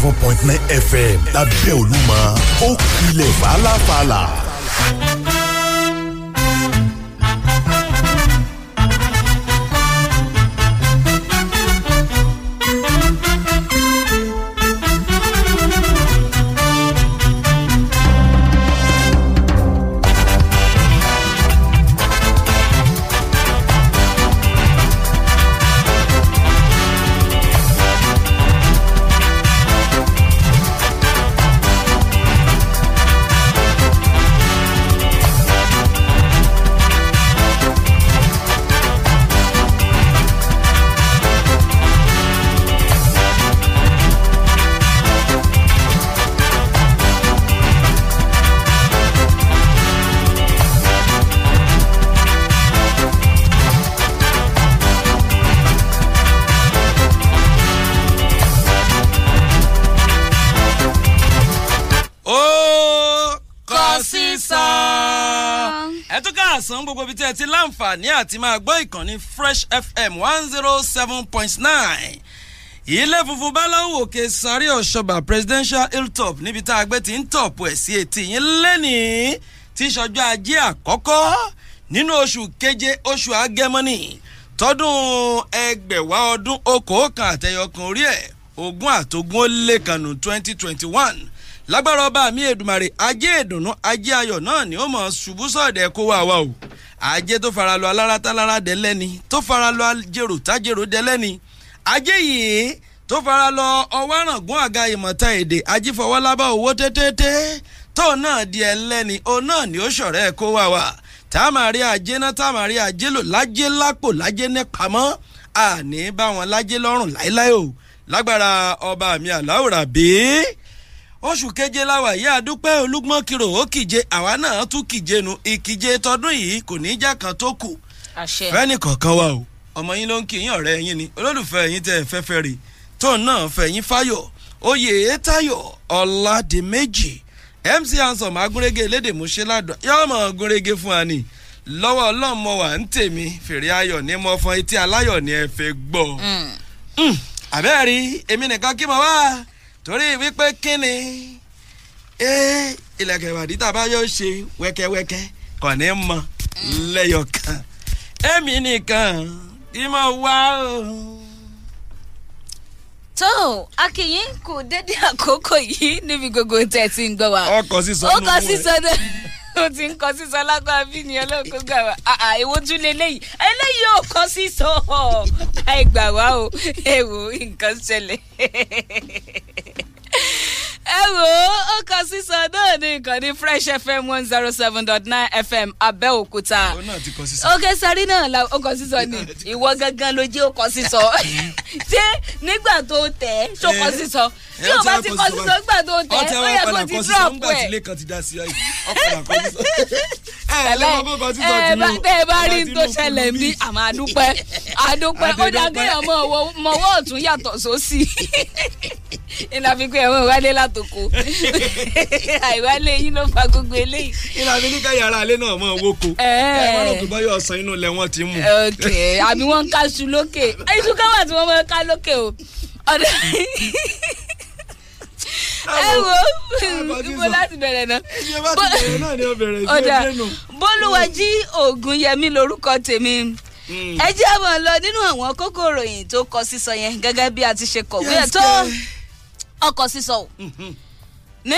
seven point nine fm lábẹ́ Olúmọ ó kilẹ̀ fàlàfàlà. ẹ ti láǹfààní àti máa gbọ́ ìkànnì fresh fm one zero seven point nine ilé funfun báláwò òkè sáré ọ̀ṣọ́bà presidential hilltop níbi tá a gbé ti ń tọ̀pù ẹ̀ sí etí yín lẹ́nìí tí ìṣọjọ́ ajé àkọ́kọ́ nínú oṣù keje oṣù agẹmọ́nì tọdún ẹgbẹ̀wá ọdún okòókan àtẹyọkan orí ẹ̀ ogún àtogún ó lé twenty twenty one lágbára ọba mi èdùmàrè ajé ìdùnnú ajé ayọ̀ náà ni ó mọ̀ ṣubú sọ̀dẹ̀ kó wá wa o ajé tó fara lọ alára tálára dẹ́lẹ́ni tó fara lọ ajérò tájérò dẹ́lẹ́ni ajé yìí tó fara lọ ọwọ́ àràngún àga ìmọ̀ta èdè ajífọwọ́lábà owó tètè tóun náà di ẹlẹ́ni òun náà ni ó ṣọ̀rẹ́ kó wà wá táàmàrí ajé náà táàmàrí ajé lò lájé lápò lájé nípamọ́ àní bá wọn lájé lọ́rùn láéláé o lágbára ọba mi àláwòrán bíi oṣù keje láwà yìí àdúpẹ́ olúgbọ́n kiro ó kìje àwa náà tún kìje nu ìkìje tọdún yìí kò ní já kan tó kù fẹ́ni kọ̀ọ̀kan wa o ọmọ yín ló ń kíyìn ọ̀rẹ́ yín ni olólùfẹ́ yín tẹ́ fẹ́fẹ́ rè tóun náà fẹ̀yìn fáyọ̀ oyè táyọ̀ ọ̀làdìmẹ́jì mc hansom agúnrégé lédè mọ́ṣẹ́ládùn yóò mọ̀ agúnrégé fún wa ni lọ́wọ́ ọlọ́mọ wa ń tèmi fèrè ayọ̀ ní mo fọn etí aláyọ̀ ní ẹ fẹ́ gbọ́ abẹ́rẹ́ mm. mm. èmi nìkan kí mo wá. torí wípé kíni ee ìlẹ̀kẹ̀ ìbàdí tàbá yóò ṣe wẹ́kẹ́wẹ́kẹ́ kò ní mọ lẹ́yọ̀kan èmi nìkan kí mo wá o. tó akínyìn kò dédé àkókò yìí níbi gbogbo tẹ̀ tí ń gbọ́ wa. ọkọ̀ sísọ nù wẹ̀. ọkọ̀ sísọ wẹ̀ o ti ń kọ sísọ lágbára bí ni ọlọ́kùn gbà wá èwo ah, ah, tún leléyìí eléyìí ò kọ sísọ àìgbà wá o èwo nǹkan ṣẹlẹ̀ ẹ wò ó ó kọ sísọ náà ní ìkànnì fresh fm one zero oh seven dot nine fm abẹ́òkúta òkè sáré náà la ó kọ sísọ ni ìwọ gangan ló jẹ́ ó kọ sísọ ṣé nígbà tó tẹ̀ ṣó kọ sísọ tí o bá ti kọ sísọ nígbà tó tẹ̀ ó yẹ kó ti drop ẹ̀ ẹ bá rí n tó ṣẹlẹ̀ bí àmọ́ àdúpẹ́ àdúpẹ́ ó dàgbé ọmọ ọwọ́ ọ̀tún yàtọ̀ sósì. ìlà fi pé ẹ̀wọ̀n ìwálé látòkò àìwálé yín ló fa gbogbo eléyìí. ìlà fi ní ká yàrá alẹ́ náà mọ̀ owó ko ẹ̀wọ̀n rò báyọ̀ ọ̀sán inú ilẹ̀ wọn ti mú. àbí wọ́n ká su lókè iṣu ká tí wọ́n máa ká lókè o. ẹ ibo láti bẹ̀rẹ̀ náà. iye bá ti bẹ̀rẹ̀ náà ni ó bẹ̀rẹ̀ sí ẹgbẹ́ nù. Bólúwàjí Ògúnyẹmí lorúkọ tèmi hmm. ẹ jẹ́ àbọ̀ lọ nínú àwọn kókó ìròyìn tó kọ sísọ yẹn gẹ́gẹ́ bí a ti ṣe kọ̀wé ẹ̀ tó ọkọ̀ sísọ o ní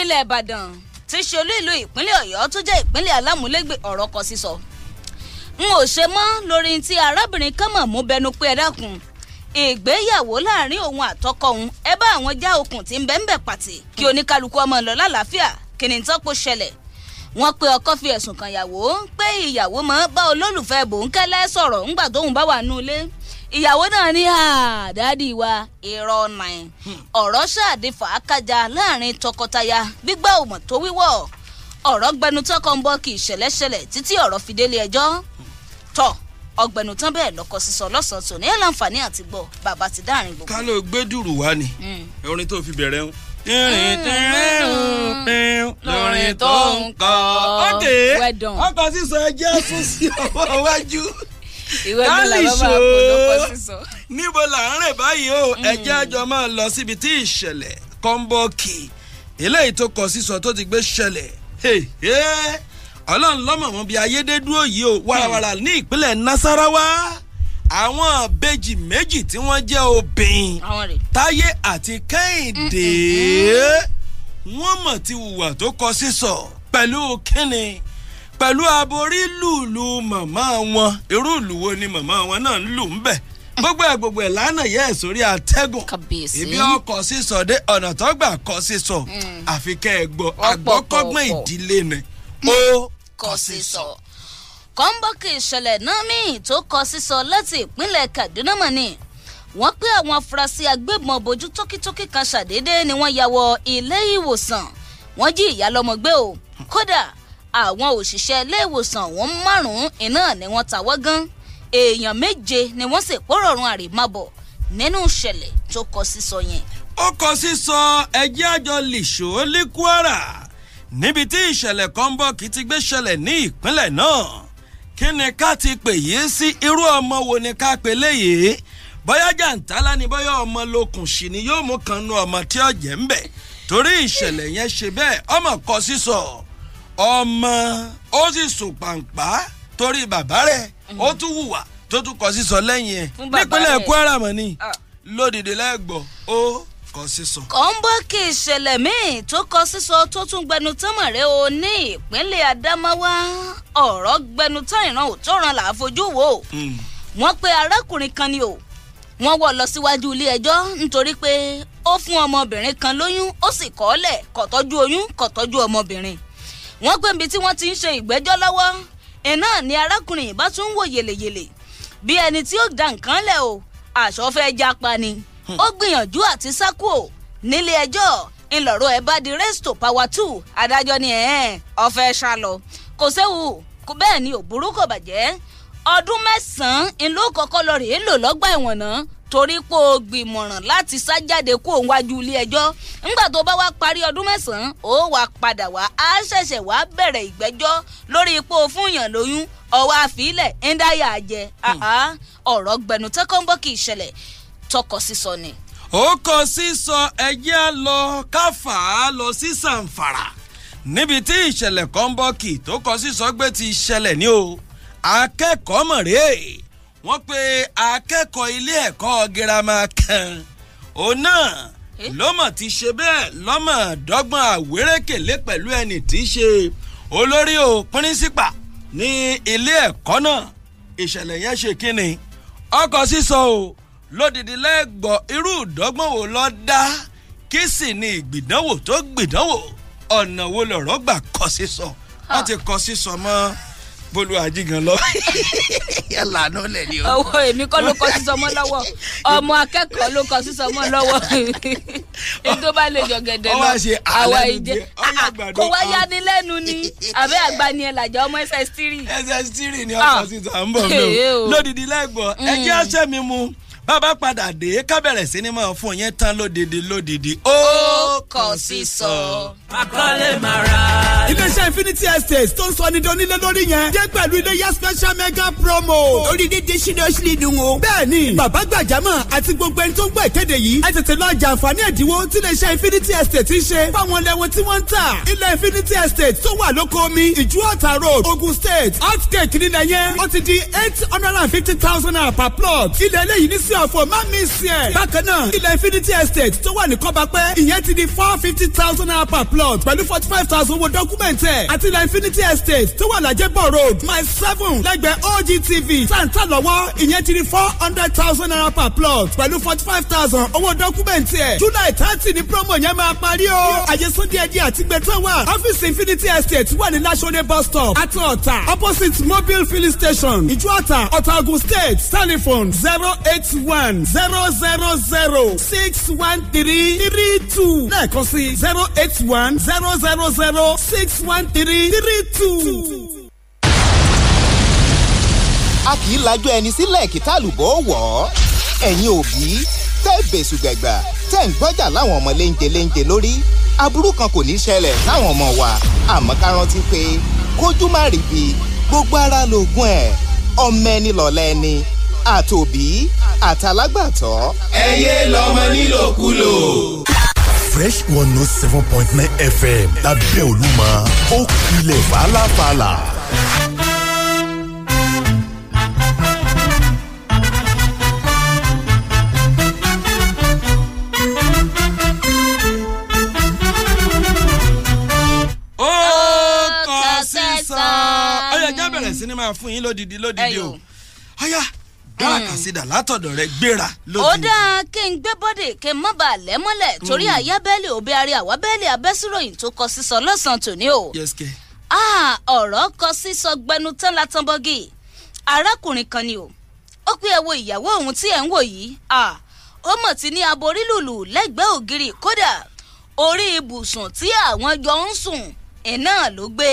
ilẹ̀ ìbàdàn tí ṣe olú ìlú ìpínlẹ̀ ọ̀yọ́ tó jẹ́ ìpínlẹ̀ alámúlégbè ọ̀rọ̀ ọkọ̀ sísọ n ò ṣe mọ́ lórí ti arábìnrin kan mọ̀ mú bẹnu pé ẹ dákun ìgbéyàwó láàrin òun àtọkọ òun ẹ bá àwọn já okùn tí ń bẹ́ ń bẹ̀ pàtì kí oníkálukú ọmọ lọ lálàáfíà kí ni tọ́pò ṣẹlẹ̀ wọ́n pe ọkọ fi ẹ̀sùn kan ìyàwó pé ìyàwó mọ́ bá olólùfẹ́ bòńkẹ́lẹ́ sọ̀rọ̀ ńgbà tóun bá wà nú ilé ìyàwó náà ní àdáàdì wa irọ́ ọ̀nà ẹ̀ ọ̀rọ̀ ṣáàdì fàákàjà láàrin tọkọtaya gbígbà òmò tó wíwọ̀ ọ̀rọ̀ gbẹnután kan bọ́ kí ìṣẹ̀lẹ̀ṣẹlẹ̀ títí ọ̀rọ̀ fi délé ẹjọ́ tọ̀ ọgbẹnután bẹ́ẹ̀ lọ́kọ sísọ lọ́sàn-án tòní ẹ̀ láǹfààní àti gbọ́ bàbá ti dáàrin gbogbo. ká gbé dùrù wá ni orin tó fi bẹ̀rẹ̀ ń lórin tó ń kọ́ ọ́ dé ọkọ̀ sísọ ẹjẹ́ sún sí ọwọ́ iwájú káàlìṣó níbo là ń rìn báyìí o ẹjẹ́ hmm. àjọ máa lọ síbi tí ìṣẹ̀lẹ̀ kọ́ńbọ́ọ̀kì eléyìí tó kọ sísọ tó ti gbé ṣẹlẹ̀ ọlọ́run lọ́mọ̀ wọn bíi ayédèdúró yìí o warawara hmm. ní ìpínlẹ̀ nasarawa àwọn àbejì méjì tí wọ́n jẹ́ obìnrin táyé àti kẹ́hìndé wọ́n mọ̀ ti hùwà tó kọ sísọ pẹ̀lú kínni pẹ̀lú aborí lùlù màmá wọn irú ìlú wo ni màmá wọn náà ń lù ń bẹ̀ gbogbo ẹ gbogbo ẹ lánàá yẹ ẹ sórí àtẹgùn ibi ọkọ sísọ dé ọ̀nà tó kọ sísọ hmm. àfi kẹ́ ẹ gbọ́ àgbọ́kọ́gbọ́n ìdílé ni hmm. ó kọ sísọ kọ́ńbọ́ọ̀kì ìṣẹ̀lẹ̀ náà míì tó kọ sísọ láti ìpínlẹ̀ kaduna mọ̀ wọ́n pé àwọn afurasí agbébọn bojú tókítókí kan ṣàdédé ni wọ́n ya wọ ilé ìwòsàn wọ́n jí ìyá lọ́mọ gbé o kódà àwọn òṣìṣẹ́ iléèwòsàn ọ̀hún márùn-ún iná ni wọ́n tawọ́ gán èèyàn méje ni wọ́n sì pòrọ̀rùn àrèmábọ̀ nínú ìṣẹ̀lẹ̀ tó kọ sísọ yẹn. ó kọ sísọ ẹjẹ́ àjọ lìṣó ní kwara níbi tí ìṣẹ̀lẹ̀ kan ń bọ̀ kí ti gbé ṣẹlẹ̀ ní ìpínlẹ̀ náà kí ni ká ti pè yìí sí irú ọmọ wo ni ká pe léyìí bóyá jàǹtálá ni bóyá ọmọ lókun sì ni yóò mú kan nu ọmọ tí ó ń bẹ̀ torí ìṣẹ̀lẹ̀ yẹn ṣe bẹ́ẹ̀ ọmọ kọ sísọ ọmọ ó sì sùn pàǹpá torí bàbá rẹ̀ ó tún hùwà tó tún kọ sísọ lẹ́yìn ẹ̀ nípínlẹ̀ Kwara mọ̀ ni ah. lódìdí lẹ́gbọ̀ọ́ ó kọ sísọ. kọ́ńbọ́ọ̀kì ìṣẹ̀lẹ̀ míì tó kọ sísọ tó tún gbẹnu tán mọ̀rẹ́ o ní ìpínlẹ̀ Adamawa ọ̀rọ̀ gbẹnu tán ìran ò tó ràn láàfojú wò hmm. wọ́n pe arákùnrin kan ni o wọ́n wọ́ lọ síwájú ilé ẹjọ́ nítorí pé ó fún ọmọbìnrin kan lóyún ó sì kọ̀ ọ́ lẹ̀ kò oyún kò ọmọbìnrin wọ́n pé níbi tí wọ́n ti ń ṣe ìgbẹ́jọ́ lọ́wọ́ iná ni arákùnrin yìí bá tún ń wò yèlèyèlè bí ẹni tí ó da nǹkan lẹ̀ o àṣọ fẹ́ japa ni hmm. ó gbìyànjú àti sákò nílé ẹjọ́ ńlọrọ ẹ bá di resto to power two adájọ́ ni ẹ̀ẹ́n ọ̀fẹ́ ṣá lọ kò séwu bẹ́ẹ̀ ni òbúrú kò bàjẹ́ ọdún mẹ́sàn-án ńlọ lọ rèé lò lọ́gbà ẹ̀wọ̀n náà torí pé o gbìmọ̀ràn láti sá jáde kó òun wájú ilé ẹjọ́ ńgbà tó bá wá parí ọdún mẹ́sàn-án ó wá padà wá á ṣẹ̀ṣẹ̀ wá bẹ̀rẹ̀ ìgbẹ́jọ́ lórí ipò fúnyàn lóyún ọwọ́ àfilẹ̀ ń dáyà jẹ ọ̀rọ̀ gbẹnu tẹ́kọ̀ńbọ́ kì í ṣẹlẹ̀ tọkọ sísọ ni. ó kọ sísọ ẹjẹ́ á lọ káfà á lọ sí sàǹfàrà níbi tí ìṣẹ̀lẹ̀ kọ́ńbọ́ọ̀kì tó kọ sísọ gbé ti ṣẹlẹ̀ ní o akẹ́kọ̀ọ́ mọ̀rẹ́ wọ́n pe akẹ́kọ̀ọ́ ilé ẹ̀kọ́ girama kan òun náà eh? lọ́mọ̀ ti ṣe bẹ́ẹ̀ lọ́mọ̀ dọ́gbọ́n àwérékèlé pẹ̀lú ẹni tí í ṣe olórí o pírínsípà ní ilé ẹ̀kọ́ náà ìṣẹ̀lẹ̀ yẹn ṣe kíni ọkọ̀ sísọ o lódìdí lẹ́gbọ̀ọ́ irú ìdọ́gbọ́n wo lọ dá kí sì ni ìgbìdánwò tó gbìdánwò ọ̀nà wo lọ̀rọ̀ gbà kọ sísọ wọ́n ti kọ sísọ mọ́ bólú àjígan lọ yàrá lẹ ni o. ọwọ́ èmi kọ́ ló kọ sísọmọ lọ́wọ́ ọmọ akẹ́kọ̀ọ́ ló kọ sísọmọ lọ́wọ́ ètò bá lè jọ gẹ̀dẹ̀ lọ àwa ìjẹ ah, kó wá yani ni àbẹ́ àgbani ẹ̀ làjọ ọmọ ss three. ss three ni ọkọ̀ ah. sísọ à bọ̀ mí o oh. lódìdí lẹ́gbọ̀ọ́ ẹjẹ́ ọ̀sẹ̀ mm. mi mu bàbá padà dé ká bẹ̀rẹ̀ sí ni mọ̀ fún yẹn tán lódìdí lódìdí ó kọ sísọ. akọ́lé mara. iléeṣẹ́ infinity estate tó ń sọ ní donílé lórí yẹn jẹ́ pẹ̀lú iléyà special mega promo. orí dídí seriously dùn o. bẹ́ẹ̀ni bàbá gbàjámọ̀ àti gbogbo ẹni tó ń gbọ́ ìkéde yìí ẹ tètè lọ jàǹfààní ẹ̀dínwó tí iléeṣẹ́ infinity estate ń ṣe fáwọn lẹ́wọ̀n tí wọ́n ń tà. ilé infinity estate tó wà lóko omi ìjú ọ̀tà road ogun state outgate nílẹ̀ yẹn ó ti di eight hundred and fifty thousand naira per plot. ilé eléyìí ní sí tí ọ̀fọ̀ má mi sí ẹ̀. bákan náà ilẹ̀ infinity estate tó wà ní kọ́bápẹ́ ìyẹn ti di four fifty thousand naira per plot pẹ̀lú forty five thousand owó dọ́kúmẹ̀ntì ẹ̀ àti ilẹ̀ infinity estate tó wà lájẹ́bọ̀ road mile seven lẹ́gbẹ̀ẹ́ OGTV tàǹtà lọ́wọ́ ìyẹn ti di four hundred thousand naira per plot pẹ̀lú forty five thousand owó dọ́kúmẹ̀ntì ẹ̀ july thirty ni promo yẹn máa parí o. àjẹsán díẹ̀ díẹ̀ àti gbẹ̀tàn wà ọ́fíìsì infinity estate wà ní lasode bus stop àti ọ̀tà opposite mobile filling station ìjọ ọ̀tà ọ̀tà state telephone zero eight one zero zero zero six one three three two lẹ́ẹ̀kan sí zero eight one zero zero zero six one three three two a kì í lajọ ẹni sílẹ̀ kíta lùbọ́ wọ̀ ọ́. ẹ̀yin òbí tẹ́ bẹ̀sù gbẹ̀gbà tẹ́ ń gbọ́jà láwọn ọmọ léńjẹ léńjẹ lórí aburú kan kò ní ṣẹlẹ̀ láwọn ọmọ wa àmọ́ ká rántí pé kójú má rí bi gbogbo ara lògùn ẹ̀ ọmọ ẹni lọ̀lẹ́ ẹni àtòbí àtàlágbàtọ́. ẹ yé lọ́mọ nílòkulò. fresh one note oh seven point nine fm lábẹ́ olúmọ ó kilẹ̀ fàlàfàlà. ó kọ sísan ó yẹ kí a bẹ̀rẹ̀ sí ni máa fún yín lódìdí lódìdí o. Aya káràkásídà mm. látọ̀dọ̀ rẹ gbéra lójú. ó dáa kí n gbé bọ́dè kí n mọ́ bá a lẹ́ mọ́lẹ̀ torí mm. àyà bẹ́ẹ̀lì òbí arí àwa bẹ́ẹ̀lì abẹ́sùròyìn tó kọ sísọ lọ́sàn-án tòní o. ọ̀rọ̀ kọ sísọ gbẹnu tán látọ́bọ́gì arákùnrin kan ni o ó pé ẹ wo ìyàwó òun tí ẹ ń wò yìí ó mọ̀ tí ní aborí lùlù lẹ́gbẹ̀ẹ́ ògiri kódà orí ibùsùn tí àwọn jọ ń sùn iná ló gbé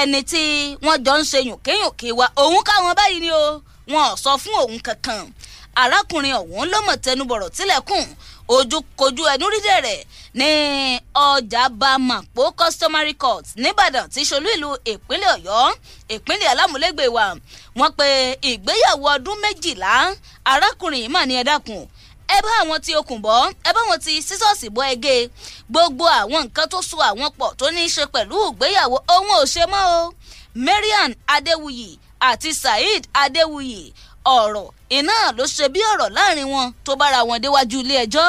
ẹni tí wọ́n jọ ń ṣe yùnkéyùnké wa òun káwọn báyìí ni o wọn ò sọ fún òun kankan arákùnrin ọ̀hún ló mọ̀ tẹnubọ̀rọ̀ tilẹ̀kùn ojúkojú ẹnu rídẹ̀ rẹ̀ ní ọjà bamapo customary court nìbàdàn tí ṣolú ìlú ìpínlẹ̀ ọ̀yọ́ ìpínlẹ̀ alámúlégbè wa wọ́n pe ìgbéyàwó ọdún méjìlá arákùnrin yìí mà ní ẹ dákun ẹ bá àwọn tí okùn bọ́ ẹ bá wọn ti sísọ́ọ̀sì bọ́ ẹgẹ́ gbogbo àwọn nǹkan tó so àwọn pọ̀ tó ní í ṣe pẹ̀lú ìgbéyàwó ohun ò ṣe mọ́ o Marian Adéwuyì àti saheed adéwuyì ọ̀rọ̀ iná ló ṣe bí ọ̀rọ̀ láàrin wọn tó bára wọn déwájú ilé ẹjọ́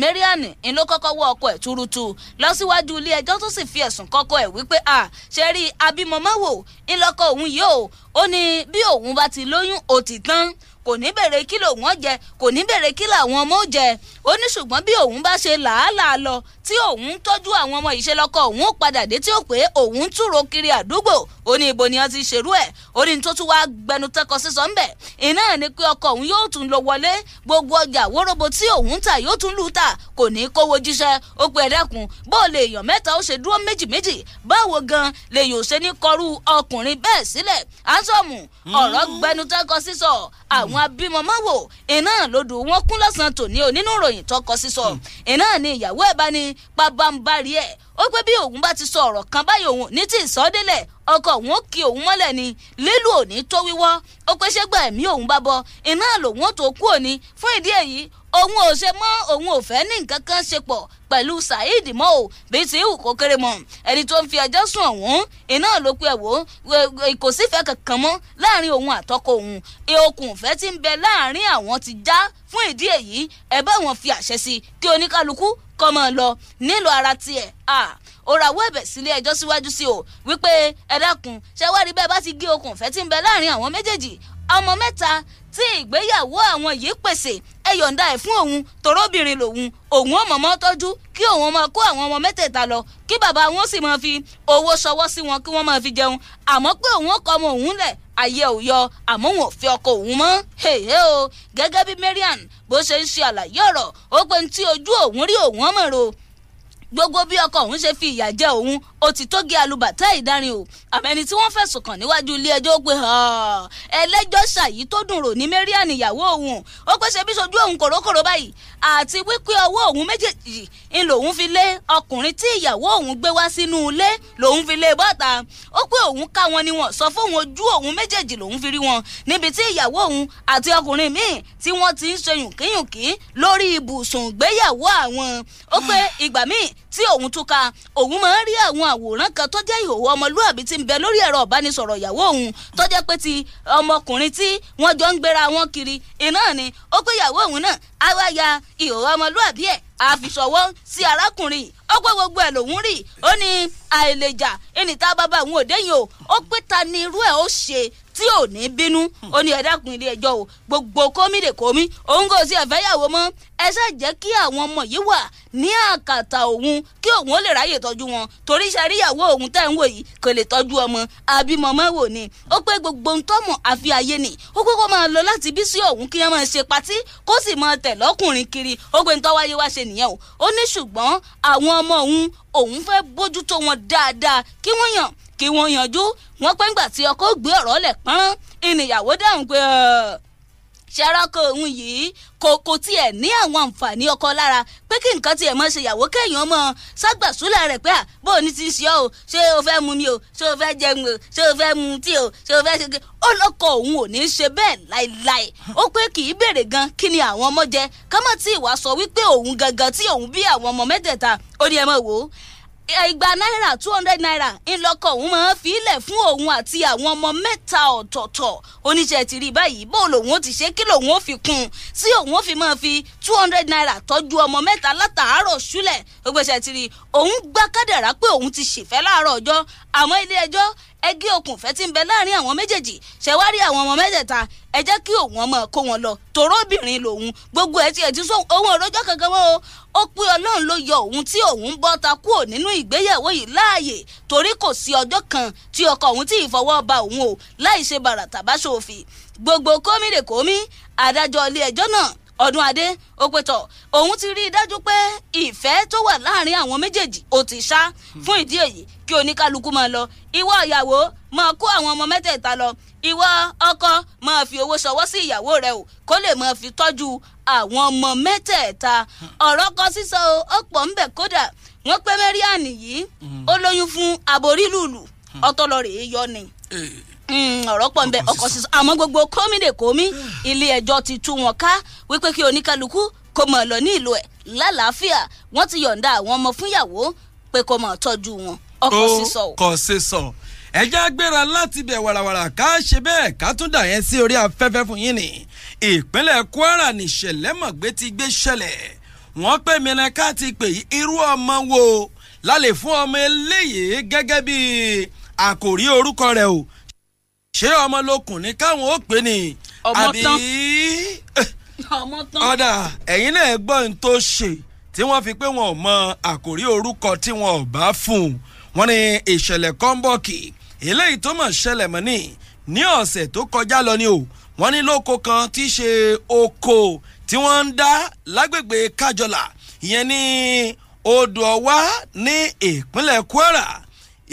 marian ń ló kọ́kọ́ wọ ọkọ ẹ̀ túrútú lọ síwájú ilé ẹjọ́ tó sì fi ẹ̀sùn kọ́kọ́ ẹ̀ wípé à ṣe rí abímọ máwò ńlọkọ òun yìí ó ní bí òun bá ti lóyún ó ti tán kò ní bèrè kí lòun ó jẹ kò ní bèrè kí làwọn ọmọ ó jẹ ó ní ṣùgbọ́n bí òun bá ṣe làálàá lọ tí òun tọ́jú àwọn ọmọ ìṣelọ́kọ òun ó padà dé tí ó pé òun túró kiri àdúgbò ó ní ibo ni wọ́n ti ṣerú ẹ̀ ó ní tó tún wá gbẹnu tẹ́kọ sísọ ńbẹ̀ iná ẹ̀ ni pé ọkọ òun yóò tún lọ wọlé gbogbo ọjà wórobo tí òun tà yóò tún lù tà kò ní kówó jíṣẹ́ ó pe ẹ̀dẹ́kun bó lè èèyàn mẹ́ta ó ṣe dúró méjì méjì báwo gan lèèyàn ò ṣe ní kọrú ọkùnrin bẹ́ẹ̀ sílẹ̀ ansọ́mù hmm. ọ̀rọ̀ gbẹnu tẹ́kọ sísọ àwọn abímọmọ́wò iná lòdù wọn kún lọ́sàn-án tòní ò nínú ìròyìn tọkọ sísọ hmm. iná ni ìyàwó ẹ̀ bá ní pabambarì ẹ̀ ó pé bí òun bá ti sọ ọ̀rọ̀ kan báyìí òun ní tí ìsọdélẹ̀ ọkọ òun ó kí òun mọ́lẹ̀ ni lílù òní tó wíwọ́ ó pé ṣé ẹ̀mí òun bá bọ iná lòun ó tó kú òní fún ìdí èyí òun ò ṣe mọ́ òun ò fẹ́ ní nǹkan kan ṣe pọ̀ pẹ̀lú saheed mọ́ o bí ti hù kó kéré mọ́ ẹni tó ń fi ẹjọ́ sùn ọ̀hún iná ló pe ẹ̀wò kò sífẹ̀ẹ́ kankan mọ́ láàrin òun àtọkọ òun okùn ìfẹ́ ti ń bẹ láàrin àwọn ti já fún ìdí èyí ẹ bá wọn fi àṣẹ sí kí oníkálukú kọ́ mọ́ lọ nílò ara tiẹ̀ ó rawọ́ ẹ̀bẹ̀ sílé ẹjọ́ síwájú sí o wípé ẹ dákun ṣe wá bá ti gé okùn ìfẹ́ ti ń bẹ láàrin àwọn méjèèjì ọmọ mẹ́ta tí ìgbéyàwó àwọn yìí pèsè ẹ yọ̀ǹda ẹ̀ fún òun toróbìnrin lòun òun ò mọ̀mọ́ tọ́jú kí òun máa kó àwọn ọmọ mẹ́tẹ̀ẹ̀ta lọ kí bàbá wọn sì máa fi owó ṣọwọ́ sí wọn kí wọ́n máa fi jẹun àmọ́ pé òun kọ́ ọmọ òun lẹ̀ ayé ò yọ àmọ́ òun ò fi ọkọ òun mọ́ hèhè o gẹ́gẹ́ bí Marian bó ṣe ń ṣe àlàyé ọ̀rọ̀ ó pé ní tí ojú òun rí òun mọ̀rọ̀ gbogbo bí ọkọ òun ṣe fi ìyà jẹ òun ó ti tó gé alùbàtà ìdarin o àmẹni tí wọ́n fẹ̀sùn kàn níwájú ilé ẹjọ́ pé ẹlẹ́jọ́ ṣàyí tó dùn rò ní marian ìyàwó òun ó pé ṣe bí sojú òun kòrókòró báyìí àti wípé ọwọ́ òun méjèèjì ń lòun fi lé ọkùnrin tí ìyàwó òun gbé wá sínú ilé lòun fi lé bọ́ta ó pé òun ká wọn ni wọ́n sọ fóun ojú òun méjèèjì lòun fi rí wọn níbi tí ìyàwó òun àti ọkùnrin míì tí wọ́n ti ń ṣe yùnkíyùnkí lórí ibùsùn ìgbéyàwó àwọn ó pé ìgbà míì tí òun tún ka òun máa ń rí àwọn àwòrán kan tó jẹ́ ìhòòhò ọmọlúàbí tí ń bẹ lórí ẹ̀rọ ìbánisọ̀rọ̀ ìyàwó òun tó jẹ́ pé ti ọmọkùnrin tí wọ́n jọ ń gbéra wọn kiri iná ni ó pé ìyàwó òun náà á wá ya ìhòòhò ọmọlúàbí ẹ̀ àfìṣọwọ́ sí arákùnrin ó pé gbogbo ẹ̀ lòún rí ó ní àìlèjà ẹnìta bàbá òun òde yìí o ó pé ta ni irú ẹ̀ ó ṣe tí ò ní bínú hmm. ó ní ẹ̀dákun ilé ẹjọ́ o gbogbo kómìdè kómí òun kò sí ẹ̀fẹ́ yàwó mọ́ ẹ ṣáà jẹ́ kí àwọn ọmọ yìí wà ní àkàtà òun kí òun ó lè ráyè tọ́jú wọn torí ṣàríyàwó òun tẹ́ ń wò yìí kò lè tọ́jú ọmọ àbímọ wò ni ó pé gbogbo ń tọ́mọ̀ àfi ayé ni ó kókó máa lọ láti bí sí òun kí wọ́n máa ṣe patí kó sì máa tẹ̀ lọ́kùnrin kiri ó pé ń tọ́wáyé wá ṣe nìyẹn o ó ní ṣùgbọ́n àwọn ọmọ òun òun fẹ́ bójútó wọn dáadáa kí wọ́n yàn kí wọ́n yanjú wọ́n pẹ́ ńgbà tí ọkọ gbé ọ̀rọ̀ lẹ̀ pọ́n ìnìyàwó dáhùn pé ọ̀ọ́ ṣẹ́rọ́kọ̀ òun yìí kò kò tiẹ̀ ní àwọn àǹfààní ọkọ lára pé kí nǹkan tiẹ̀ mọ́ ṣe ìyàwó kéèyàn mọ́ ságbàsúlẹ̀ rẹ̀ pé à bó o ní ti ṣe ọ́ o ṣé o fẹ́ mu ni o ṣé o fẹ́ jẹun o ṣé o fẹ́ mu tí o ṣé o fẹ́ ṣe kí ó lọ́kọ̀ òun ò ní ṣe bẹ́ẹ̀ láìláì ó pé kì í béèrè gan kí ni àwọn ọmọ jẹ kámọ́ tí ìwà sọ wípé òun gangan tí òun bí àwọn ọmọ mẹ́tẹ̀ẹ̀ta ó ní ẹ ìgbà náírà two hundred naira ńlọkọ òun máa fi ilẹ̀ fún òun àti àwọn ọmọ mẹ́ta ọ̀tọ̀ọ̀tọ̀ oníṣẹ́ ti rí báyìí bó lòun ó ti ṣe kí lòun ó fi kún un sí òun ó fi máa fi two hundred naira tọ́jú ọmọ mẹ́ta látàárọ̀ ṣúlẹ̀ ó gbèsè ti rí òun gbá kádàrá pé òun ti ṣèfẹ́ láàárọ̀ ọjọ́ àmọ́ ilé ẹjọ́ ẹ gé okùn ìfẹ́ tí ń bẹ láàrin àwọn méjèèjì ṣẹ̀wárí àwọn ọmọ mẹ́tẹ̀ẹ̀ta ẹ jẹ́ kí òun ọmọ kó wọn lọ tòró obìnrin lòun gbogbo ẹ̀ tí ẹ̀ ti sọ ohun òrojọ́ kankan mọ́ o ó pé ọlọ́run ló yọ òun tí òun bọ́ ta kúrò nínú ìgbéyàwó yìí láàyè torí kò sí ọjọ́ kan tí ọkọ òun tí ìfọwọ́ ba òun o láì ṣe bàrà tàbá ṣòfì gbogbo kómìnìkómì adájọ́ ilé ẹjọ́ náà ọdún adé ó pé tọ òun ti rí i dájú pé ìfẹ́ tó wà láàrin àwọn méjèèjì ó ti ṣá hmm. fún ìdí èyí kí oníkálukú máa lọ ìwọ ìyàwó máa kó àwọn ọmọ mẹ́tẹ̀ẹ̀ta lọ ìwọ ọkọ máa fi owó ṣọwọ́ sí ìyàwó rẹ o kó lè máa fi tọ́jú àwọn ọmọ mẹ́tẹ̀ẹ̀ta ọ̀rọ̀ kan sísọ ó pọ̀ kódà wọ́n pé marian yìí ó lóyún fún aborí lùlù ọtọlọrẹ yọ ni hmm, ọ̀rọ̀ pọ̀ ń bẹ sísọ àmọ́ gbogbo kómìnè ilé ẹjọ́ ti tú wọn ká wípé kí oníkálukú kó mọ̀ lọ ní ìlú ẹ̀ lálàáfíà wọ́n ti yọ̀ǹda àwọn ọmọ fúnyàwó pé kó mọ̀ tọ́jú wọn ọkọ̀ sísọ. ọkọ̀ sísọ ẹjẹ́ gbéra láti bẹ̀ wàràwàrà ká ṣe bẹ́ẹ̀ ká tún dà yẹn sí orí afẹ́fẹ́ fún yín ni ìpínlẹ̀ kwara nìṣẹ̀lẹ̀ mọ̀gbé ti gbé ṣẹlẹ̀ wọ́n pè mí náà ká ti pè irú ọmọ wo lálẹ́ fún ọmọ eléyìí gẹ́gẹ́ bí àkòrí orúkọ rẹ̀ o ṣé ọmọ lókun ní káwọn ó pè ní àbí ọ̀dà ẹ̀yin náà gbọ́ ní tó ṣe tí wọ́n fi pé wọn ò mọ àkòrí orúkọ tí wọn ò bá fún un wọ́n ní ìṣẹ̀lẹ̀ kọ́ńbọ̀kì eléyìí tó mọ̀ ṣẹlẹ̀ mọ́ ni ní ọ̀sẹ̀ tó kọjá lọ ni o wọ́n ní lóko kan tí í ṣe oko tí wọ́n ń dá lágbègbè kájọlà ìyẹn ní odò ọwá ní ìpínlẹ̀ kwara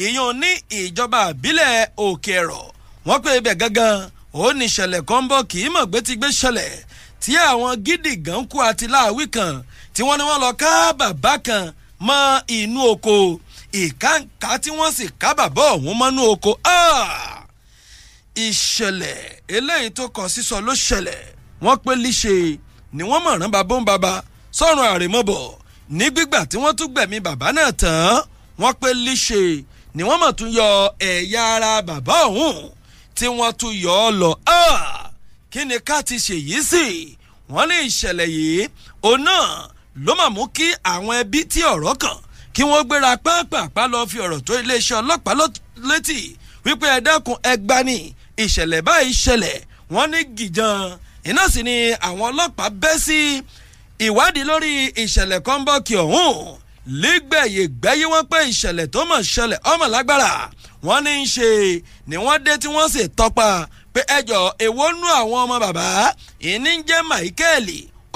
ìyẹn ní ìjọba àbílẹ̀ òkè ẹ̀rọ wọ́n pè ibẹ̀ gangan ó ní ìṣẹ̀lẹ̀ kan ń gbé ti gbé ṣẹlẹ̀ tí àwọn gidi gan kú àti láàwí kan tí wọ́n ní wọ́n lọ ká bàbá kan mọ́ inú oko ìkàǹkà tí wọ́n sì ká bàbá ọ̀hún mọ́nú oko ah! ìṣẹ̀lẹ̀ eléyìí tó kàn sísọ ló ṣẹlẹ̀ wọ́n pé líṣe ni wọ́n mọ̀ràn bàbá ń bàbá sọ̀rùn àrèmọ́bọ̀ ní gbígbà tí wọ́n tún gbẹ̀mí bàbá náà tán wọ́n pé líṣe ni wọ́n mọ̀ tún yọ ẹ̀yà ara bàbá ọ̀hún tí wọ́n tún yọ ọ́ lọ ah! kí ni ká ti ṣèyí sí wọ́n ní ìṣẹ̀lẹ̀ yìí òun náà ló mà mú kí àwọn ẹbí tí ọ̀rọ̀ kàn kí wọ́n gbéra pápá lọ fi ọ̀rọ̀ tó iléeṣẹ́ ọlọ́pàá létí wípé ẹ dákun ẹ gbani ìṣẹ̀lẹ̀ báyìí ṣẹlẹ̀ wọ́n ní gìjan iná sì ni àwọn ọlọ́pàá bẹ́ sí ìwádìí lórí ìṣẹ̀lẹ̀ kọ́ńbọ́ọ̀kì ọ̀hún lígbẹ̀yẹ gbẹ́yí wọ́n pé ìṣẹ̀lẹ̀ tó mọ̀ ṣẹlẹ̀ ọmọ lágbára wọ́n ní í ṣe ni wọ́n dé tí wọ́n sì tọpa pé ẹjọ́ èwo nú àwọn ọmọ bàbá ìní jẹ́ Michael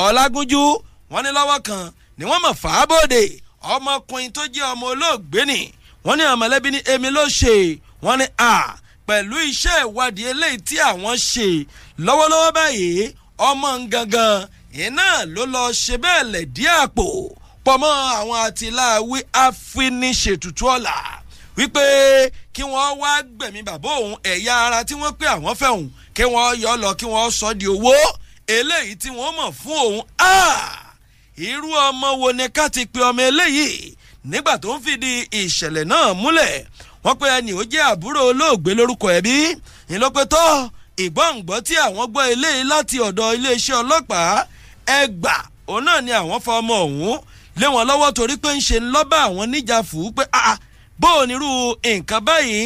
Ọlágúnjú wọ́n ní lọ́wọ́ kan ni wọ́n mọ̀ fàábòde ọmọkùnrin tó jẹ́ ọmọ olóògbé ni wọ́n ní ọmọlẹ́bí ní èmi ló ṣe wọ́n ní a pẹ̀lú iṣẹ́ ìwádìí eléyìí tí àwọn ṣe lọ́wọ́lọ́wọ́ báyìí ọmọ ngangan iná ló lọ ṣe bẹ́ẹ̀ lẹ̀dí àpò pọ̀mọ́ àwọn àtìláwí afiniṣètùtù ọ̀la wípé kí wọ́n wá gbẹ̀mí bàbá òun ẹ̀yà ara tí wọ́n pé àwọn fẹ́ òun kí wọ́n yọ lọ kí wọ́n sọ di owó eléyìí tí wọ́n mọ̀ fún òun irú ọmọ wo ni ká ti pe ọmọ eléyìí nígbà tó ń fìdí ìṣẹ̀lẹ̀ náà múlẹ̀ wọ́n pe ẹni ó jẹ́ àbúrò olóògbé lórúkọ ẹ̀bí ìlọpẹ́tọ́ ìgbọ́ǹgbọ́ tí àwọn gbọ́ eléyìí láti ọ̀dọ̀ iléeṣẹ́ ọlọ́pàá ẹgbà òun náà ni àwọn fa ọmọ ọ̀hún lé wọn lọ́wọ́ torí pé ń ṣe ń lọ́bà àwọn níjà fù ú pé bó o nírú nǹkan báyìí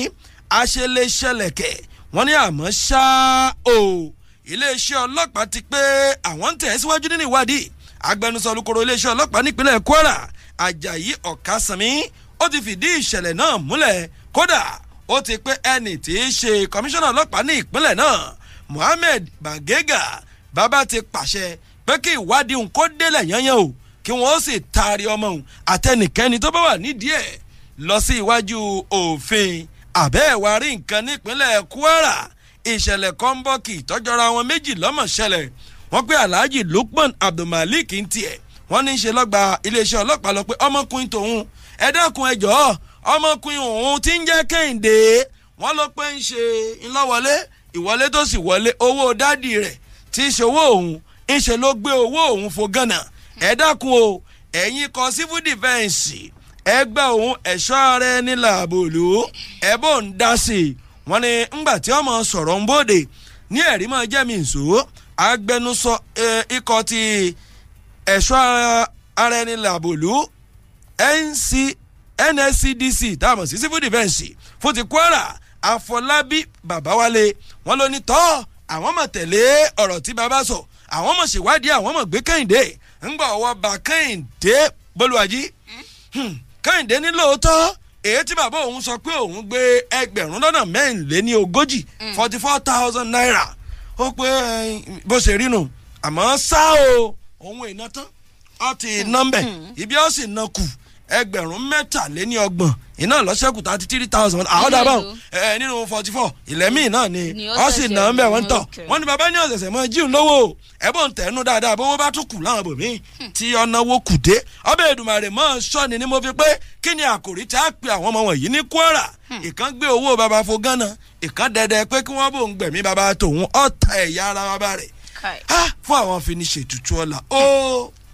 a ṣe lè ṣẹlẹ̀kẹ̀ wọ́n ní àmọ́ ṣá o iléeṣẹ́ ọlọ́pàá ti pé àwọn ń tẹ̀síwájú nínú ìwádìí agbẹnusọ olùkóró iléeṣẹ́ ọlọ́pàá nípínlẹ̀ kwara ajayi ọ̀kasànmí ó ti fìdí ìṣẹ̀lẹ̀ náà múlẹ̀ kódà ó ti pé ẹnì tí í ṣe kọmíṣánná ọlọ́pàá ní ìpínlẹ̀ náà mohammed bagega bàbá ti pàṣẹ pé kí ìwádìí òun kó délẹ̀ yányán o kí wọ́n sì taari ọmọ òun àtẹnikẹ́ni tó bá wà nídìí ẹ̀ lọ sí iwájú òfin àbẹ́ẹ̀wá nǹkan nípínlẹ̀ kwara ìṣẹ̀lẹ̀ kan ń wọn méjì lọ́mọ̀ ṣẹlẹ̀ wọ́n pé alhaji lukman abdulmalik ń tiẹ̀ wọ́n ní í ṣe lọgba iléeṣẹ́ ọlọ́pàá lọ pé ọmọkùnrin tòun ẹ dákun ẹ ọmọkùnrin òun ti ń jẹ́ kẹ́hìndé wọ́n ló pé ń ṣe ńlọ́wọlé ìwọlé tó sì wọlé owó dádì rẹ̀ tí ṣe owó òun ń ṣe ló gbé owó òun fo gánà ẹ o kọ agbẹnusọ ikọ̀ ti ẹ̀ṣọ́ ara ẹni làbòlú nc nscdc táàmù sí civil defence fún ti kwara àfọlábí babawale wọn ló ní tọ́ àwọn mọ̀ tẹ̀lé ọ̀rọ̀ tí baba sọ àwọn mọ̀ ṣèwádìí àwọn mọ̀ gbé kẹ́hìndé ńgbà ọwọ́ ba kẹ́hìndé bolúwàjí hmm, kẹ́hìndé ní lóòótọ́ èyí tí bàbá òun sọ pé òun gbé ẹgbẹ̀rún lọ́nà mẹ́rìnléní ogójì hmm. forty four thousand naira ó pé eh, bó ṣe rí nù àmọ́ ṣá o òun ìná tán ó ti iná mm-hmm. ibi ó sì ná kù ẹgbẹ̀rún mẹ́tàléní iná lọ́sẹ̀kù thirty three thousand àwọn dábàá ẹ nínú forty four ìlẹ́mì náà ni ọ sì nà ń bẹ̀ wọ́n tọ̀ wọ́n ní bàbá ní ọ̀sẹ̀sẹ̀ mọ́ jíun lówó ẹ̀bọ̀ ń tẹ̀nu dáadáa bówó bá tún kù láwọn bòmí tí ọ̀nàwó kù dé ọbẹ̀ èdùmàrè mọ́ sọ́ni ni mo fi pé kí ni àkòrí tí a pe àwọn ọmọ wọ̀nyí ní Kwara hmm. ìkan gbé owó baba fo gánà ìkan dẹdẹ pé kí wọ́n bò ń gbẹ̀mí baba tòun ọ̀tá ẹ̀yà ara baba rẹ̀ fún àwọn fi ni ṣètùtù ọ̀la ó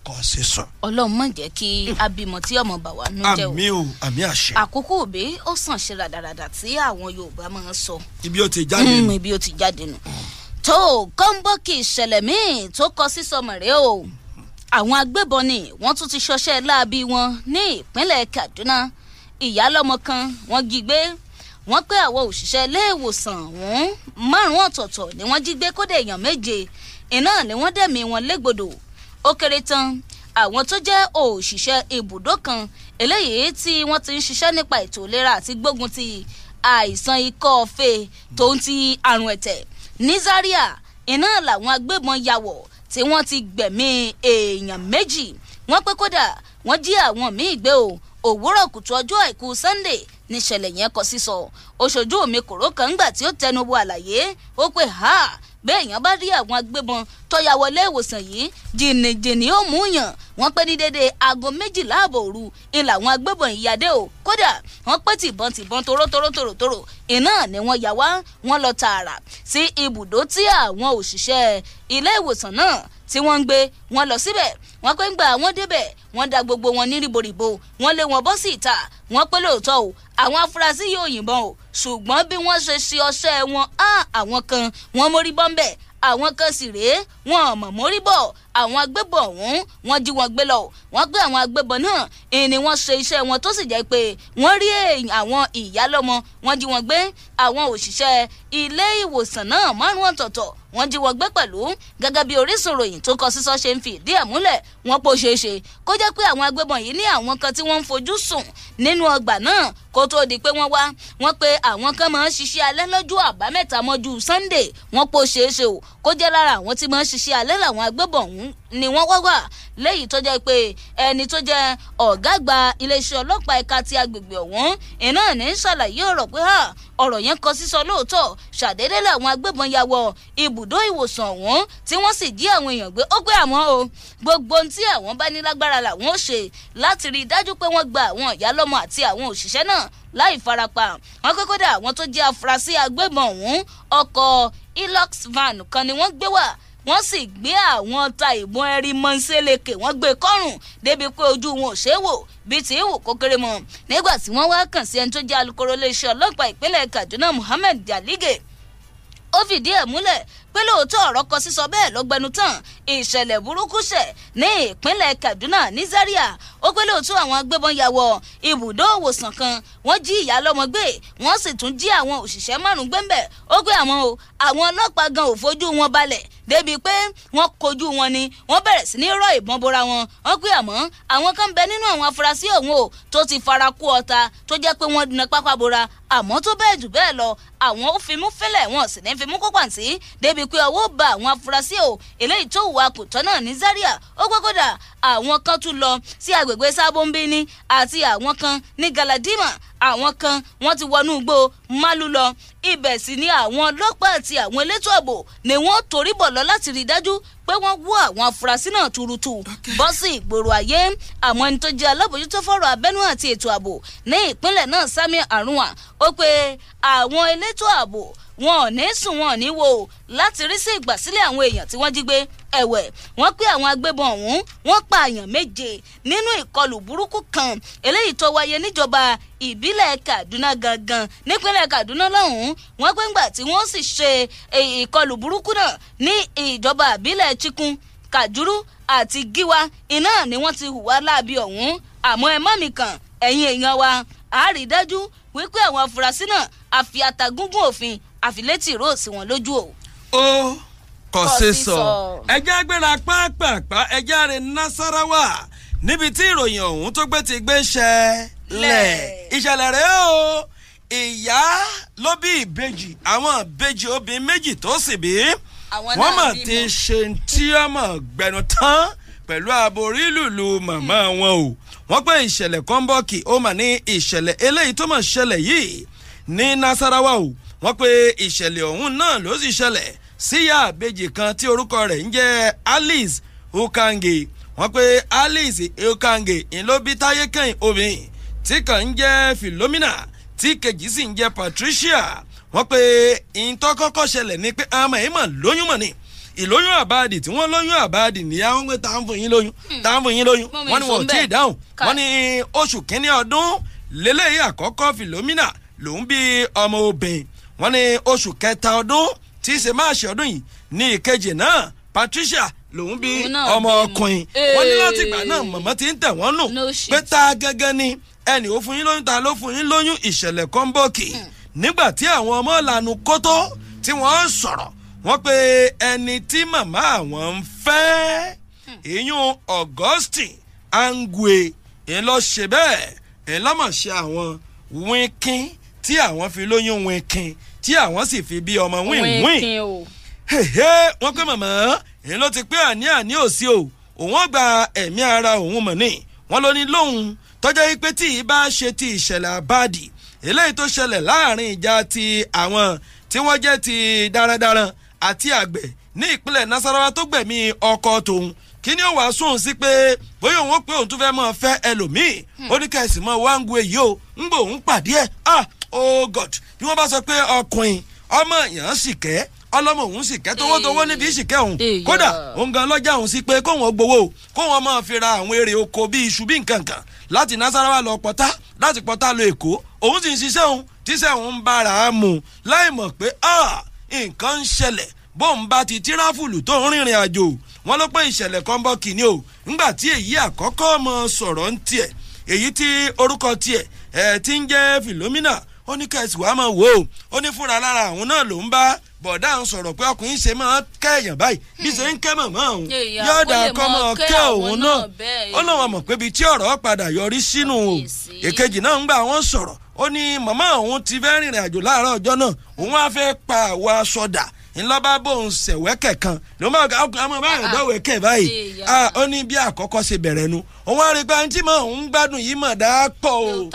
kọ́ ṣe sùn. ọlọ́run mọ̀ jẹ́ kí abimọ tí ọmọ bà wá nú jẹ́ o àmì o àmì àṣẹ. àkókò òbí ó sàn ṣe ràdàràdà tí àwọn yorùbá máa ń sọ. ibi ó ti jáde mm, nù. ibi ó ti jáde nù. tó kọ́ńbọ́ọ̀kì ìṣẹ̀lẹ̀ míì tó kọ sísọmọ rẹ̀ o àwọn agbébọn ni wọ́n tún ti ṣọṣẹ́ láabi wọn ní ìpínlẹ̀ kaduna ìyálọ́mọ kan wọ́n jí gbé wọ́n pé àwọn òṣìṣẹ́ ilé ọ̀hún márùn-ún ọ̀tọ̀ọ̀tọ̀ ni wọ́n jí gbé kódà èèyàn méje iná ni wọ́n dẹ̀mí wọn légbodò ó kéré tán àwọn tó jẹ́ òṣìṣẹ́ ibùdó kan eléyìí tí wọ́n ti ń ṣiṣẹ́ nípa ètò ìlera àti gbógun ti àìsàn ikọ́ fèé tó ń ti àrùn ẹ̀tẹ̀ ní Zaria iná làwọn agbébọn ya wọ̀ tí wọ́n ti gbẹ̀mí èèyàn méjì wọ́n pé kódà wọ́n jí àwọn míì gbé o òwúrọ̀ kùtù ọjọ́ àìkú Sunday níṣẹ̀lẹ̀ yẹn kọ sísọ òṣojú mi kòró kan ńgbà tí ó tẹnu bo àlàyé ó pé ha béèyàn bá rí àwọn agbébọn tó ya wọlé ìwòsàn yìí jìnnìjìnnì ó mú yàn wọ́n pé ní dédé aago méjìlá ààbò òru ni làwọn agbébọn ìyáde o kódà wọ́n pé tìbọn tìbọn torótorótorótoró iná ni wọ́n yà wá wọ́n lọ tààrà sí ibùdó tí àwọn òṣìṣẹ́ ilé ìwòsàn náà tí wọ́n ń gbé wọn lọ síbẹ̀ wọ́n pé ń gbà wọ́n débẹ̀ wọ́n da gbogbo wọn ní ríboríbo wọ́n lé wọn bọ́ sí ìta wọ́n pé lóòótọ́ o àwọn afurasí yóò yìnbọn o ṣùgbọ́n bí wọ́n ṣe ṣe ọṣẹ́ wọn hàn ah, àwọn kan wọ́n mórí bọ́ńbẹ̀ àwọn kan sì rèé wọn ò mọ̀ mórí bọ̀ àwọn agbébọn ọ̀hún wọ́n jí wọn gbé lọ wọ́n pé àwọn agbébọn náà ìní wọ́n ṣe iṣẹ́ wọn tó sì jẹ́ pé wọ́n rí àwọn ìyálọ́mọ wọ́n jí wọn gbé àwọn òṣìṣẹ́ ilé ìwòsàn náà márùn ọ̀tọ̀ọ̀tọ̀ wọ́n jí wọ́n gbé pẹ̀lú gẹ́gẹ́ bí orísun ròyìn tó kọ sísọ ṣe ń fi ìdí ẹ̀ múlẹ̀ wọ́n pò ṣeé ṣe kó jẹ́ pé àwọn agbébọn yìí ní àwọn kan tí wọ́n ń fojú sùn nínú ọgbà náà kó tóó di pé wọ́n wá wọ́n pe àwọn kan máa ń ṣiṣẹ́ alẹ́ lọ́jọ́ àbámẹ́ta mọ́jú Sunday wọ́n pò ṣeé o ó jẹ́ lára àwọn tí máa ń ṣiṣẹ́ alẹ́ làwọn agbébọn ọ̀hún ni wọ́n wá wà léyìí tó jẹ́ pé ẹni tó jẹ́ ọ̀gá àgbà iléeṣẹ́ ọlọ́pàá ẹ̀ka ti agbègbè ọ̀hún iná ní ṣàlàyé ọ̀rọ̀ pé ọ̀rọ̀ yẹn kọ sísọ lóòótọ́ ṣàdédé làwọn agbébọn ya wọ ibùdó ìwòsàn ọ̀hún tí wọ́n sì jí àwọn èèyàn gbé ó pé àwọn o gbogbo ohun tí àwọn bá ní lágbára làwọn ó ṣe láti rí i dájú pé wọ́n gba àwọn ìyálọ́mọ àti àwọn òṣìṣẹ́ náà láì farapa wọn pé kódà àwọn tó jẹ́ afurasí agbébọn ọ̀hún ọkọ̀ hilux van kan ni wọ́n gbé wá wọ́n sì gbé àwọn ta ìbọn ẹ̀rí mọ́ńsẹ́lẹ̀kẹ̀ wọ́n gbé kọ́rùn débi pé ojú wọn ò ṣe é wò bíi ti ìwò kókéré mọ́ nígbà tí wọ́n wá kàn sí ẹni tó jẹ́ alukoro iléeṣẹ́ ọlọ́pàá ìpínlẹ̀ Kaduna Muhammed Jalige ó fìdí ẹ̀ múlẹ̀ pé lóòótọ́ ọ̀rọ̀ kọ sísọ bẹ́ẹ̀ lọ́gbẹnu tán ìṣẹ̀lẹ̀ burúkú ṣẹ̀ ní ìpínlẹ̀ Kaduna ní ó pé lóòótọ́ àwọn agbébọn ya wọ ibùdó òwòsàn kan wọ́n jí ìyá lọ́mọ gbé wọ́n sì tún jí àwọn òṣìṣẹ́ márùn-ún gbẹ́ńbẹ̀ ó pé àwọn o àwọn ọlọ́pàá gan ò fojú wọn balẹ̀ débi pé wọ́n kojú wọn ni wọ́n bẹ̀rẹ̀ sí ní rọ́ ìbọn bora wọn wọ́n pé àmọ́ àwọn kan bẹ nínú àwọn afurasí ọ̀hún o tó ti fara kú ọta tó jẹ́ pé wọ́n na pápá bora àmọ́ tó bẹ́ẹ̀ jù bẹ́ẹ̀ lọ àwọn ó fimú fẹ́lẹ̀ wọn sì ní fimú kó pàǹtí débi pé ọwọ́ ba àwọn afurasí o eléyìí tó wà kò tọ́ náà ní Zaria ó pé àwọn kan tún lọ sí agbègbè sábóńbíní àti àwọn kan ní galadima àwọn kan wọ́n ti wọnú igbó málú lọ ibẹ̀ sì ni àwọn ọlọ́pàá àti àwọn elétò ààbò ni wọ́n torí bọ̀ lọ láti rí i dájú pé wọ́n wú àwọn afurasí náà tuurutu bọ́ sí ìgboro ayé àwọn ẹni tó jẹ́ alábòjútó fọ́rọ̀ abẹ́nú àti ètò ààbò ní ìpínlẹ̀ náà Samuel Arunwa ó pe àwọn elétò ààbò wọn ò ní sùn wọn ò ní wo láti rí sí ìgbàsílẹ̀ àwọn èèyàn tí wọ́n jí gbé ẹ̀wẹ̀ wọ́n pé àwọn agbébọn ọ̀hún wọ́n pa àyàn méje nínú ìkọlù burúkú kan eléyìí tó wáyé níjọba ìbílẹ̀ Kaduna gangan nípínlẹ̀ Kaduna lọ́hùn-ún wọ́n pé ńgbà tí wọ́n sì ṣe e, ìkọlù burúkú náà ní ìjọba ìbílẹ̀ Chikun Kajuru àti Giwa iná ni wọ́n ti hùwà láabi ọ̀hún àmọ́ ẹ mọ́ mi kàn ẹ̀yin èèyàn wa àárí dájú wípé àwọn afurasí náà àfi àtàgúngún òfin àfilétí rò wọn lójú o. ó kò ṣe sọ ẹjẹ agbára pàápàá ẹjẹ àrè nasarawa níbi tí ìròyìn ọ̀hún tó gbé ti gbé ṣẹlẹ̀ ìṣẹ̀lẹ̀ rẹ̀ o ìyá ló bí ìbejì àwọn ìbejì obìnrin méjì tó sì bí wọ́n mà ti ṣe tí wọ́n mọ̀ gbẹnu tán pẹ̀lú aborí lùlù màmá wọn o wọ́n pé ìṣẹ̀lẹ̀ kọ́ńbọ́ọ̀kì ó mà ní ìṣẹ̀lẹ̀ eléyìí tó mọ̀ ṣẹlẹ̀ yìí ní nasarawa o wọ́n pe ìṣẹ̀lẹ̀ ọ̀hún náà ló sì ṣẹlẹ̀ síyá àbejì kan tí orúkọ rẹ̀ ń jẹ́ alice ukange wọ́n pe alice ukange ńlọbí táyé kẹ́hìn obìnrin tí kan ń jẹ́ philomena tí kejì sì ń jẹ́ patricia wọ́n pe ìtọ́kọ́kọ́ ṣẹlẹ̀ ni pé àmọ́ ẹ̀ mọ̀ lóyún mọ̀ ni ìlóyún àbáàdì tí wọ́n lóyún àbáàdì ní àwọn pé tá à ń fún yín lóyún hmm. tá à ń fún yín lóyún wọ́n ní wọ́n tí ì dáhùn wọ́n ní oṣù kínní ọdún lélẹ́yìí àkọ́kọ́ philomena lòún bí ọmọ obìnrin wọ́n ní oṣù kẹta ọdún tí í ṣe máàṣì ọdún yìí ní ìkejì náà Patricia lòun bí ọmọ ọkùnrin wọ́n ní láti ìgbà náà mọ̀mọ́ ti ń tẹ̀ wọ́n nù pé ta gẹ́gẹ́ ni ẹnì ó fún yín lóyún ta ló fún yín lóyún ìṣẹ̀lẹ̀ kọ́ńbọ̀kì hmm. nígbà tí àwọn ọmọ lànà kótó tí wọ́n sọ̀rọ̀ wọ́n pe ẹni tí màmá àwọn ń fẹ́ hmm. ìyún Augustine Angwe ìlọṣẹ bẹ́ẹ̀ ìlọmọṣẹ àwọn wínkín tí àwọn fi lóyún wínkín tí àwọn sì fi bí ọmọ wín wín wọ́n pé màmá èyí ló ti pé àní àní òsì o òun ó gba ẹ̀mí ara òun mọ̀ ní wọ́n ló ní lóhùn tọ́jọ́ yìí pé tí ì bá ṣe ti ìṣẹ̀lẹ̀ àbáàdì eléyìí tó ṣẹlẹ̀ láàrin ìjà ti àwọn tí wọ́n jẹ́ ti darandaran àti àgbẹ̀ ní ìpínlẹ̀ nasarawa tó gbẹ̀mí ọkọ tòun kí ni ó wàá sóhun sí pé bóyá òun ó pé òun tún fẹ́ mọ́ fẹ́ ẹlòmíì hmm. ó ní kẹ́sì mọ́ wá ń gu èyí o ń gbò òun pàdé ẹ̀ ah oh god bí wọ́n bá sọ pé ọkùnrin ọmọ èèyàn sì kẹ́ ọlọ́mọ òun sì kẹ́ tówó tówó níbi ìsìkẹ́ òun kódà òun gan lọ́jà òun sí pé kóun ó gbowó kóun ọmọ fi ra àwọn èrè oko bíi iṣu bíi nkankan láti nasarawa lọ pọ́tá láti pọ́tá lọ èkó òun sì ń ṣiṣẹ́ òun tíṣẹ́ òun ń bára á mu láì mọ̀ pé ah, nǹkan ń ṣẹlẹ̀ bóun bá ti tíráfùlù tó ń rìnrìn àjò wọn ló pé ìṣẹ̀lẹ̀ kan bọ́ kìíní o ńgbà tí èyí àkọ́kọ́ mọ sọ̀rọ̀ ń tiẹ̀ èyí tí orúkọ tiẹ̀ ẹ̀ ti ń jẹ́ Philomena ó ní kẹ́sì wàá mọ̀ wò ó ó ní fúnra lára àwọn náà ló ń bá bọ̀dá ń sọ̀rọ̀ pé ọkùnrin ṣe máa kẹ́yàn báyìí bí ṣe ń kẹ́ mọ̀mọ́ òun yóò dà kọ́ mọ́ kẹ́ òun náà ó lóun mọ̀ pé ibi tí ọ̀rọ̀ padà yọrí sínú o èkejì náà ń gbà wọ́n sọ̀rọ̀ ó ní màmá òun ti fẹ́ rìnrìn àjò láàárọ̀ ọjọ́ náà òun á fẹ́ pa àwa sọdà ńlọ́ba bóun ṣẹ̀wẹ́kẹ̀ kan ló máa ga ọkùnrin ah, ọmọ báyìí dọ́wẹ́kẹ̀ báyìí ah, ó ní bí àkọ́kọ́ ṣe bẹ̀rẹ̀ nu òun á rí pé àǹtí mọ́ òun gbádùn yìí mọ̀ dáa pọ̀ o.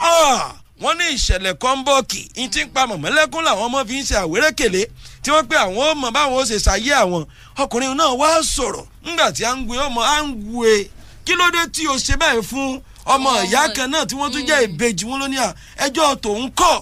Ah, wọ́n ní ìṣẹ̀lẹ̀ kan bọ́ọ̀kì ní ti ń pa mọ̀mọ́lẹ́kún làwọn ọmọ fi ń ṣe àwérékèlé tí wọ́n pé àwọn ó mọ báwọn ó ṣe ṣayé àwọn ọkùnrin náà wá sọ̀rọ̀ ńgbà tí à ń gbé ọmọ à ń gbé e. kí ló dé tí o ṣe báyìí fún ọmọ ìyá kan náà tí wọ́n tún mm. jẹ́ ìbejì wọn lónìí à ẹjọ́ tòun kọ̀